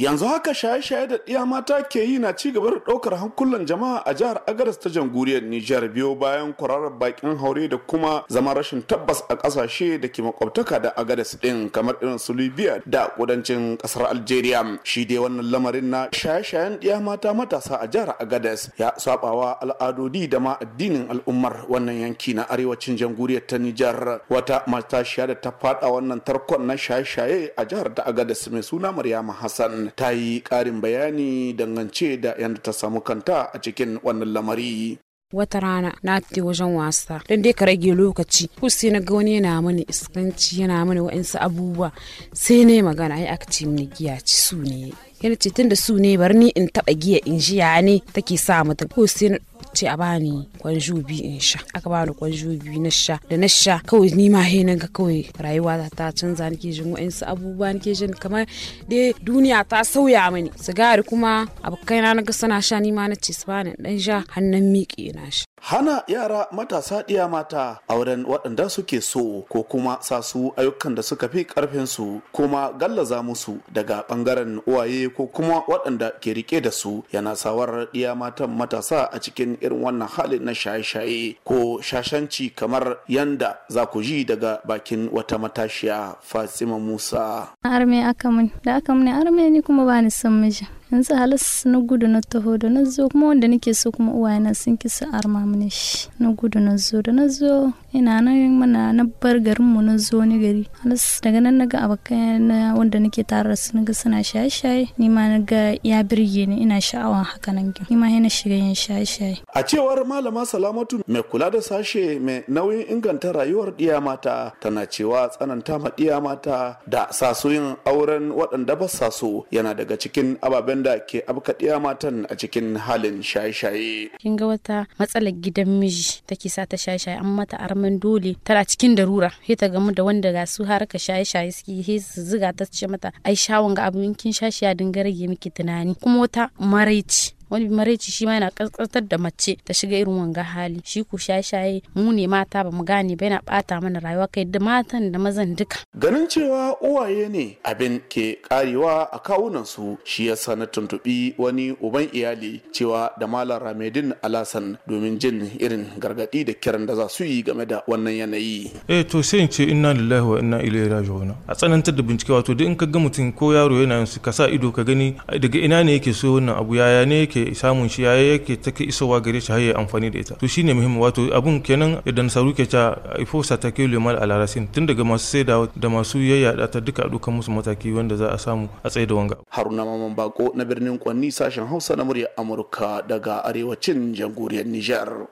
yanzu haka shaye-shaye da ɗiya mata ke yi na cigaba da ɗaukar hankulan jama'a a jihar agadas ta jamhuriyar nijar biyo bayan kwararar bakin haure da kuma zama rashin tabbas a ƙasashe da ke makwabtaka da agadas ɗin kamar irin su libya da kudancin ƙasar algeria shi dai wannan lamarin na shaye-shayen ɗiya mata matasa a jihar agadas ya sabawa al'adodi da ma addinin al'ummar wannan yanki na arewacin jamhuriyar ta nijar wata matashiya da ta faɗa wannan tarkon na shaye-shaye a jihar ta agadas mai suna maryama hassan ta yi ƙarin bayani dangance da yadda ta samu kanta a cikin wannan lamari. wata rana na fita wajen wasa don dai ka rage lokaci ko sai na ga wani yana mani iskanci yana mani wa'insu abubuwa sai na magana ya aka ce mini giya ci su ne yana ce tun da su ne bari ni in taɓa giya in ji ya ne take sa mutum ko sai na ce a bani kwanju biyu in sha aka bani kwanju biyu na sha da na sha kawai ni ma he ga kawai rayuwa ta canza nake jin wa'ansu abubuwa nake jin kamar dai duniya ta sauya mani sigari kuma abokaina na ga sana sha ni ma na ce su bani dan sha hannun miƙe na sha hana yara matasa ɗiya mata auren waɗanda suke so ko kuma sa su ayyukan da suka fi ƙarfinsu kuma gallaza musu daga ɓangaren uwaye ko kuma waɗanda ke riƙe da su yana sawar ɗiya matan matasa a cikin irin wannan hali na shaye-shaye ko shashanci kamar yanda za ku ji daga bakin wata matashiya fatima musa arme aka mun da aka mun arme ni kuma ba ni son miji yanzu halas na gudu na taho da na zo kuma wanda nake so kuma uwayena sun ki su arma mini shi na gudu na zo da na zo ina nan mana na bar garin mu na zo ni gari halas daga nan naga abokan na wanda nake tare da su naga suna shaye-shaye ni ma naga ya birge ni ina sha'awa haka nan ni ma na shiga yin shaye-shaye a cewar malama salamatu mai kula da sashe mai nauyin inganta rayuwar ɗiya mata tana cewa tsananta ma ɗiya mata da sasoyin auren waɗanda ba saso yana daga cikin ababen waɗanda ke abkaɗiya matan a cikin halin shaye-shaye. Kin ga wata matsalar gidan miji take sa ta shaye-shaye an mata arman dole tana cikin darura sai ta gamu da wanda ga su harka shaye-shaye suke he su ziga ta ce mata ai shawon ga abin kin shashi ya dinga rage miki tunani kuma wata maraici wani maraici shi ma yana kaskantar da mace ta shiga irin wanga hali shi ku shaye-shaye mu ne mata ba mu gane ba yana bata mana rayuwa kai da matan da mazan duka ganin cewa uwaye ne abin ke karewa a kawunan su shi yasa na tuntubi wani uban iyali cewa da malam ramedin alasan domin jin irin gargadi da kiran da za su yi game da wannan yanayi eh to sai in ce inna lillahi wa inna ilaihi raji'un a tsanantar da bincike wato duk in ka ga mutum ko yaro yana yin su ka sa ido ka gani daga ina ne yake so wannan abu yaya ne yake yake samun shi yaya yake take isowa gare shi har ya amfani da ita to shine muhimmi wato abun kenan idan saru ke ta ifo sa ta kai limal alarasin tun daga masu saida da masu yayyada ta duka dukan musu mataki wanda za a samu a tsaye da wanga haruna maman bako na birnin kwanni sashen hausa na murya amurka daga arewacin jamhuriyar niger